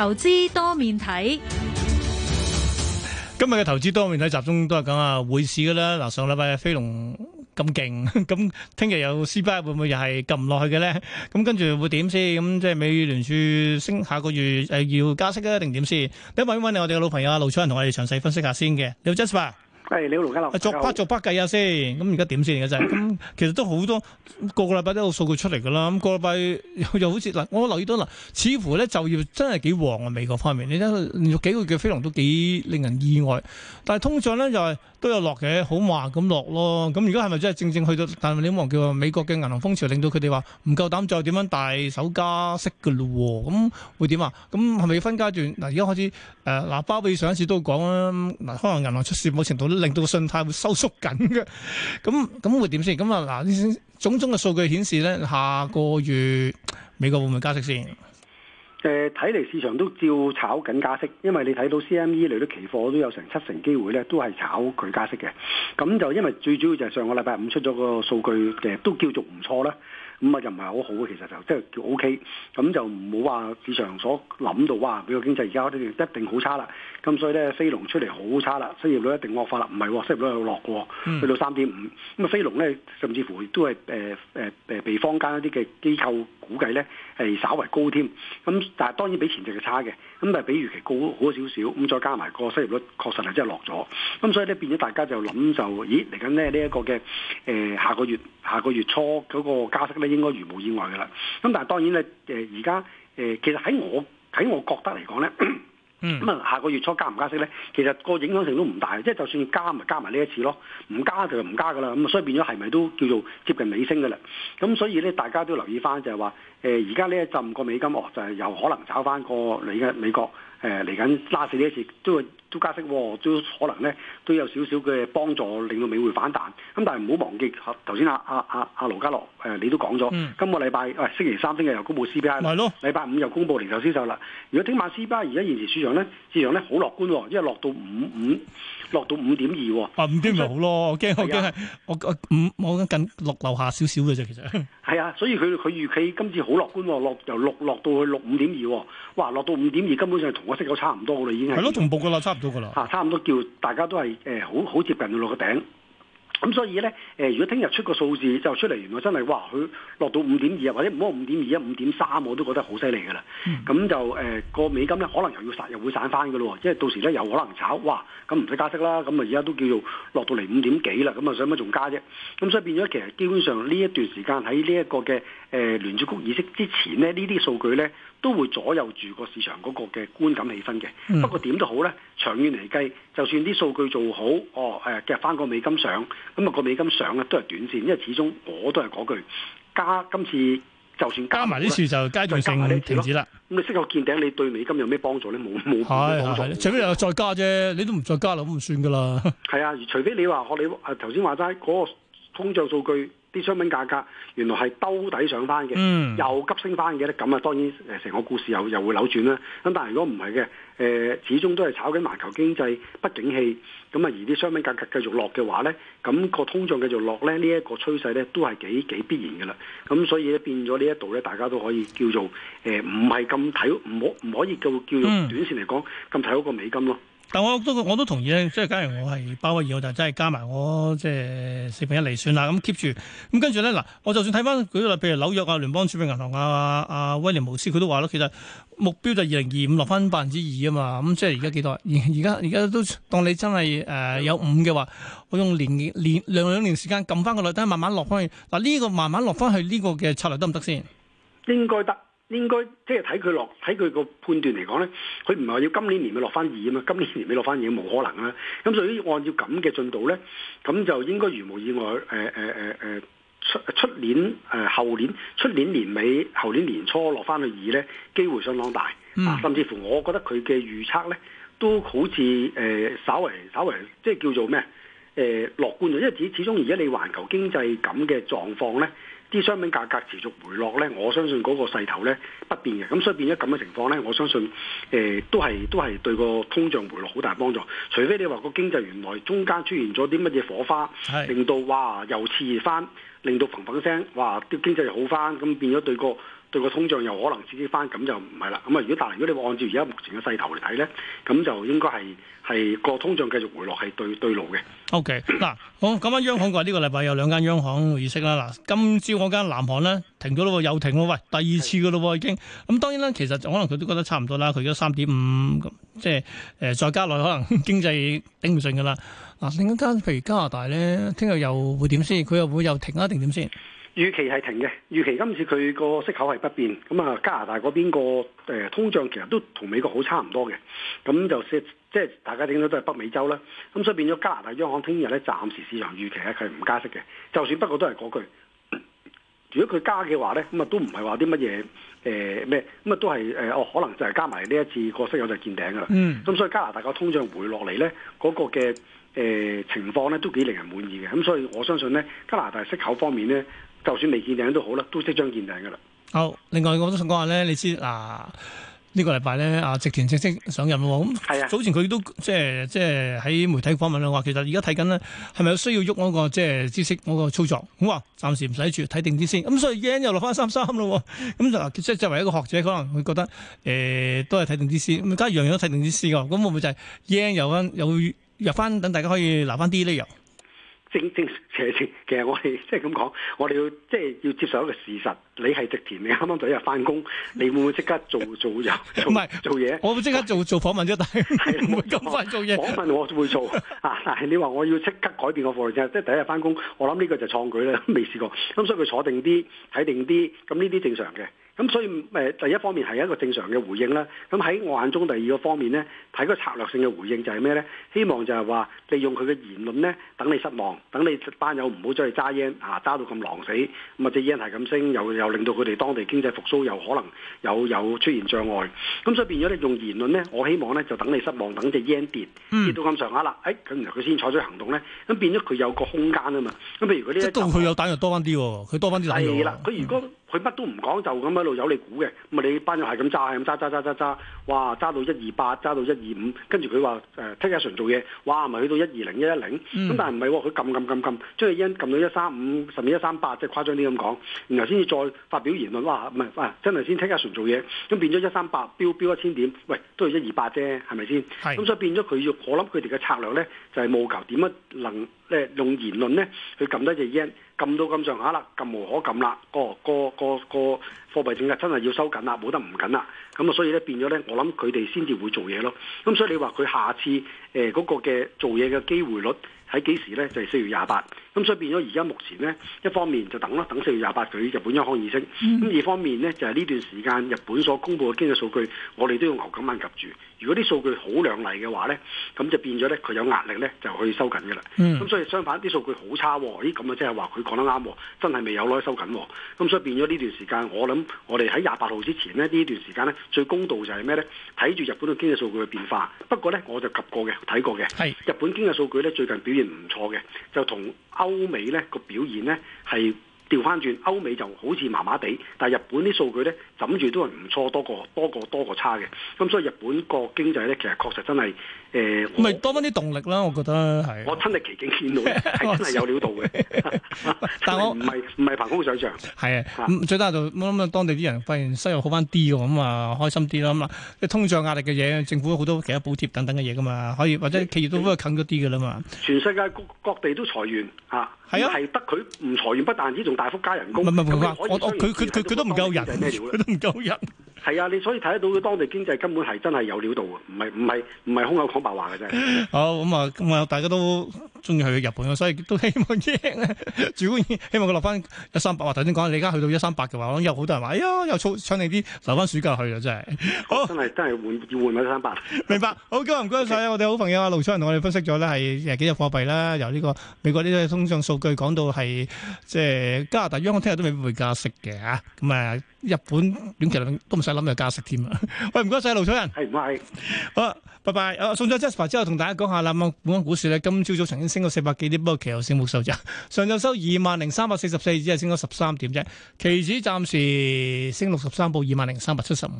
投資多面睇，今日嘅投資多面睇集中都係講啊匯市嘅啦。嗱，上個禮拜飛龍咁勁，咁聽日有 CBA 會唔會又係撳唔落去嘅咧？咁跟住會點先？咁即係美聯儲升下個月誒要加息啊，定點先？等我問一問你，我哋嘅老朋友啊，盧楚仁同我哋詳細分析一下先嘅。你好，Jasper。作筆作筆計下先，咁而家點先？而家就係咁，其實都好多個，個禮拜都有數據出嚟㗎啦。咁個禮拜又好似嗱，我留意到喇，似乎咧就業真係幾旺啊美國方面。你睇連續幾個月非農都幾令人意外。但係通脹咧就係都有落嘅，好慢咁落咯。咁而家係咪真係正正去到？但係你望見美國嘅銀行風潮令到佢哋話唔夠膽再點樣大手加息㗎咯喎？咁會點啊？咁係咪要分階段嗱？而家開始誒，嗱，包、呃、偉上一次都講啦，嗱，可能銀行出事冇程度都。令到信貸會收縮緊嘅，咁咁會點先？咁啊嗱，種種嘅數據顯示咧，下個月美國會唔會加息先？誒、呃，睇嚟市場都照炒緊加息，因為你睇到 CME 嚟到期貨都有成七成機會咧，都係炒佢加息嘅。咁就因為最主要就係上個禮拜五出咗個數據嘅，都叫做唔錯啦。咁啊，就唔係好好嘅，其實就即係叫 OK。咁就唔好話市場所諗到話，呢個經濟而家一定好差啦。咁所以咧，飛龍出嚟好差啦，失業率一定惡化啦。唔係，失業率又落喎，去、嗯、到三點五。咁啊，飛龍咧，甚至乎都係誒誒誒，比、呃呃、坊間一啲嘅機構估計咧係、呃、稍為高添。咁但係當然比前值嘅差嘅，咁但係比預期高好少少。咁再加埋個失業率，確實係真係落咗。咁所以咧，變咗大家就諗就，咦嚟緊咧呢一、呢個嘅誒、呃、下個月下個月初嗰個加息咧？應該如無意外嘅啦，咁但係當然咧，誒而家誒其實喺我喺我覺得嚟講咧，咁啊下個月初加唔加息咧，其實個影響性都唔大。即係就算加咪加埋呢一次咯，唔加就唔加噶啦，咁所以變咗係咪都叫做接近尾聲嘅啦，咁所以咧大家都留意翻就係話，誒而家呢一浸個美金哦就係又可能炒翻個嚟嘅美國誒嚟緊拉市呢一次都會。都加息喎、哦，都可能咧都有少少嘅幫助，令到美匯反彈。咁但係唔好忘記頭先阿阿阿阿盧家樂誒，你都講咗、嗯、今個禮拜，喂、哎、星期三聽日又公布 CPI，係咯，禮拜五又公布零售銷售啦。了如果聽晚 CPI 而家現時市場咧，市場咧好樂觀、哦，因為落到五五落到五、哦嗯、點二喎。五點咪好咯，驚、啊、我驚係我五我緊落樓下少少嘅啫，其實係啊，所以佢佢預期今次好樂觀、哦，落由六落到去六五點二，哇落到五點二根本上同個息口差唔多，我哋了已經係咯同步過落差。啊，差唔多叫大家都係誒、呃，好好接近落個頂。咁所以呢，誒、呃，如果聽日出個數字就出嚟，原來真係哇，佢落到五點二啊，或者唔好五點二啊，五點三，我都覺得好犀利噶啦。咁、嗯、就誒，呃那個美金呢，可能又要散，又會散翻噶咯。即係到時呢，有可能炒哇，咁唔使加息啦。咁啊，而家都叫做落到嚟五點幾啦，咁啊，使乜仲加啫？咁所以變咗，其實基本上呢一段時間喺呢一個嘅誒、呃、聯儲局議息之前呢，呢啲數據呢，都會左右住個市場嗰個嘅觀感氣氛嘅。不過點都好咧，長遠嚟計，就算啲數據做好，哦誒，夾翻個美金上，咁、那、啊個美金上都係短線，因為始終我都係嗰句，加今次就算加埋呢次就階段性停止啦。咁你息口見頂，你對美金有咩幫助咧？冇冇幫助？除非又再加啫，你都唔再加啦，咁唔算噶啦。係 啊，除非你話學你頭先話齋嗰個通脹數據。啲商品價格原來係兜底上翻嘅，mm. 又急升翻嘅咧，咁啊當然誒成個故事又又會扭轉啦。咁但係如果唔係嘅，誒始終都係炒緊環球經濟不景氣，咁啊而啲商品價格繼續落嘅話咧，咁個通脹繼續落咧，呢一個趨勢咧都係幾幾必然㗎啦。咁所以咧變咗呢一度咧，大家都可以叫做誒唔係咁睇，唔可唔可以叫叫做短線嚟講咁睇嗰個美金咯。但我都我都同意咧，即係假如我係包個二，我就真係加埋我即係、就是、四分一嚟算啦，咁 keep 住。咁跟住咧，嗱我就算睇翻，舉例譬如紐約啊、聯邦儲備銀行啊、阿威廉姆斯佢都話咯，其實目標就二零二五落翻百分之二啊嘛。咁即係而家幾多？而家而家都當你真係誒、呃、有五嘅話，我用年年兩兩年時間撳翻個率，等慢慢落翻去。嗱、啊、呢、這個慢慢落翻去呢、這個嘅策略得唔得先？應該得。應該即係睇佢落，睇佢個判斷嚟講咧，佢唔係話要今年年尾落翻二啊嘛，今年年尾落翻二冇可能啊。咁所以按照咁嘅進度咧，咁就應該如無意外，誒誒誒誒，出出年誒、呃、後年、出年年尾、後年年初落翻去二咧，機會相當大。甚至乎，我覺得佢嘅預測咧，都好似誒、呃、稍為稍為即係叫做咩誒樂觀咗，因為始始終而家你環球經濟咁嘅狀況咧。啲商品價格持續回落咧，我相信嗰個勢頭咧不變嘅，咁所以變咗咁嘅情況咧，我相信誒、呃、都係都係對個通脹回落好大幫助，除非你話個經濟原來中間出現咗啲乜嘢火花，令到哇又熾熱翻，令到嘭嘭聲，哇啲經濟又好翻，咁變咗對個。對個通脹又可能刺激翻，咁就唔係啦。咁啊，如果但如果你按照而家目前嘅勢頭嚟睇咧，咁就應該係係個通脹繼續回落係對對路嘅。OK，嗱好，咁啊，央行嘅呢個禮拜有兩間央行議息啦。嗱，今朝嗰間南韓咧停咗咯喎，又停喎，喂，第二次嘅咯喎已經。咁當然啦，其實可能佢都覺得差唔多啦。佢而家三點五，即係誒再加落去可能經濟頂唔順㗎啦。嗱，另一間譬如加拿大咧，聽日又會點先？佢又會又停啊？定點先？預期係停嘅，預期今次佢個息口係不變。咁啊，加拿大嗰邊個、呃、通脹其實都同美國好差唔多嘅。咁就即係大家聽到都係北美洲啦。咁所以變咗加拿大央行聽日咧，暫時市場預期咧，佢係唔加息嘅。就算不過都係嗰句，如果佢加嘅話咧，咁啊都唔係話啲乜嘢誒咩？咁、呃、啊都係誒哦，可能就係加埋呢一次個息口就見頂㗎啦。咁所以加拿大個通脹回落嚟咧，嗰、那個嘅誒、呃、情況咧都幾令人滿意嘅。咁所以我相信咧，加拿大息口方面咧。就算未見頂都好啦，都即將見頂嘅啦。好，oh, 另外我都想講下咧，你知嗱呢、啊這個禮拜咧啊，植田正式上任喎。咁、啊，早前佢都即係即係喺媒體訪問咧話，其實而家睇緊咧，係咪有需要喐嗰、那個即係知識嗰個操作？咁啊，暫時唔使住睇定啲先。咁所以 yen 又落翻三三啦。咁就即係作為一個學者，可能會覺得誒、欸、都係睇定啲先。咁而家樣樣都睇定啲先嘅，咁會唔會就係 yen 又翻又入翻，等大家可以留翻啲理由？正正邪邪，其實我哋即係咁講，我哋要即係、就是、要接受一個事實，你係植田，你啱啱第一日返工，你會唔會即刻做做嘢？唔係做嘢，我會即刻做做訪問啫，但係唔會咁快做嘢。訪問我會做啊，但係 你話我要即刻改變個課程，即係第一日返工，我諗呢個就創舉啦，未試過。咁所以佢坐定啲，睇定啲，咁呢啲正常嘅。咁所以誒，第一方面係一個正常嘅回應啦。咁喺我眼中，第二個方面咧，睇個策略性嘅回應就係咩咧？希望就係話利用佢嘅言論咧，等你失望，等你班友唔好再嚟揸 yen 啊，揸到咁狼死。咁啊，隻 yen 係咁升，又又令到佢哋當地經濟復甦，又可能有有出現障礙。咁所以變咗你用言論咧，我希望咧就等你失望，等隻 yen 跌跌到咁上下啦。誒、哎，咁然後佢先採取行動咧。咁變咗佢有個空間啊嘛。咁譬如佢啲，即係都佢有彈藥多翻啲、啊，佢多翻啲彈藥啦、啊，佢如果。嗯佢乜都唔講，就咁一路有你估嘅，咁啊你班人係咁揸係咁揸揸揸揸揸，哇揸到一二八，揸到一二五，跟住佢話誒 take action 做嘢，哇咪去到一二零、一一零，咁但係唔係喎，佢撳撳撳撳，將佢一撳到一三五，甚至一三八，即係誇張啲咁講，然後先至再發表言論，哇唔係、哎、真係先 take action 做嘢，咁變咗一三八飆飆一千點，喂都係一二八啫，係咪先？咁、嗯、所以變咗佢要，我諗佢哋嘅策略咧就係、是、務求點樣能。即係用言論咧去撳多隻日圓撳到咁上下啦，撳無可撳啦，個個個個貨幣政策真係要收緊啦，冇得唔緊啦，咁啊所以咧變咗咧，我諗佢哋先至會做嘢咯，咁所以你話佢下次？誒嗰、呃那個嘅做嘢嘅機會率喺幾時咧？就係、是、四月廿八，咁所以變咗而家目前咧，一方面就等啦，等四月廿八佢日本央行議息；咁二、mm. 方面咧，就係、是、呢段時間日本所公布嘅經濟數據，我哋都要牛咁眼及住。如果啲數據好靚麗嘅話咧，咁就變咗咧，佢有壓力咧，就去收緊嘅啦。咁、mm. 所以相反啲數據好差、哦，咦咁啊，即係話佢講得啱，真係未有咯收緊。咁所以變咗呢段時間，我諗我哋喺廿八號之前咧，呢段時間咧最公道就係咩咧？睇住日本嘅經濟數據嘅變化。不過咧，我就及過嘅。睇過嘅，係日本經濟數據咧最近表現唔錯嘅，就同歐美咧個表現咧係。調翻轉歐美就好似麻麻地，但係日本啲數據咧，諗住都係唔錯多過多過多過差嘅。咁所以日本個經濟咧，其實確實真係誒。咪多翻啲動力啦，我覺得係。我親歷其境見到咧，係真係有料到嘅。但我唔係唔係憑空想像。係啊，咁最低限度就諗諗當地啲人發現收入好翻啲㗎，咁啊開心啲啦。咁啊，啲通脹壓力嘅嘢，政府有好多其他補貼等等嘅嘢㗎嘛，可以或者企業都都係近咗啲㗎啦嘛。全世界各地都裁員嚇，係啊，係得佢唔裁員，不但止仲，大幅加人工，唔係唔係，我我佢佢佢佢都唔夠人，佢都唔夠人。 係啊，你所以睇得到佢當地經濟根本係真係有料到啊。唔係唔係唔係空口講白話嘅啫。好咁啊，咁、嗯、啊、嗯，大家都中意去日本嘅，所以都希望贏，主要希望佢落翻一三八。話頭先講，你而家去到一三八嘅話，我諗有好多人話，哎呀，又搶你啲，留翻暑假去啊！真係，好真係真係換要換一三八。1, 3, 明白。好，唔該晒。我哋好朋友啊盧楚仁，同我哋分析咗咧係幾隻貨幣啦，由呢個美國呢啲通脹數據講到係即係加拿大央行聽日都未必會加息嘅嚇。咁啊，日本短期都唔諗又加息添啊！喂，唔該晒，盧楚仁。係唔係好？拜拜。啊，送咗 Jasper 之後，同大家講下啦。咁，本港股市咧，今朝早曾經升過四百幾點，不過其後升冇收窄。上晝收二萬零三百四十四，只係升咗十三點啫。期指暫時升六十三，報二萬零三百七十五。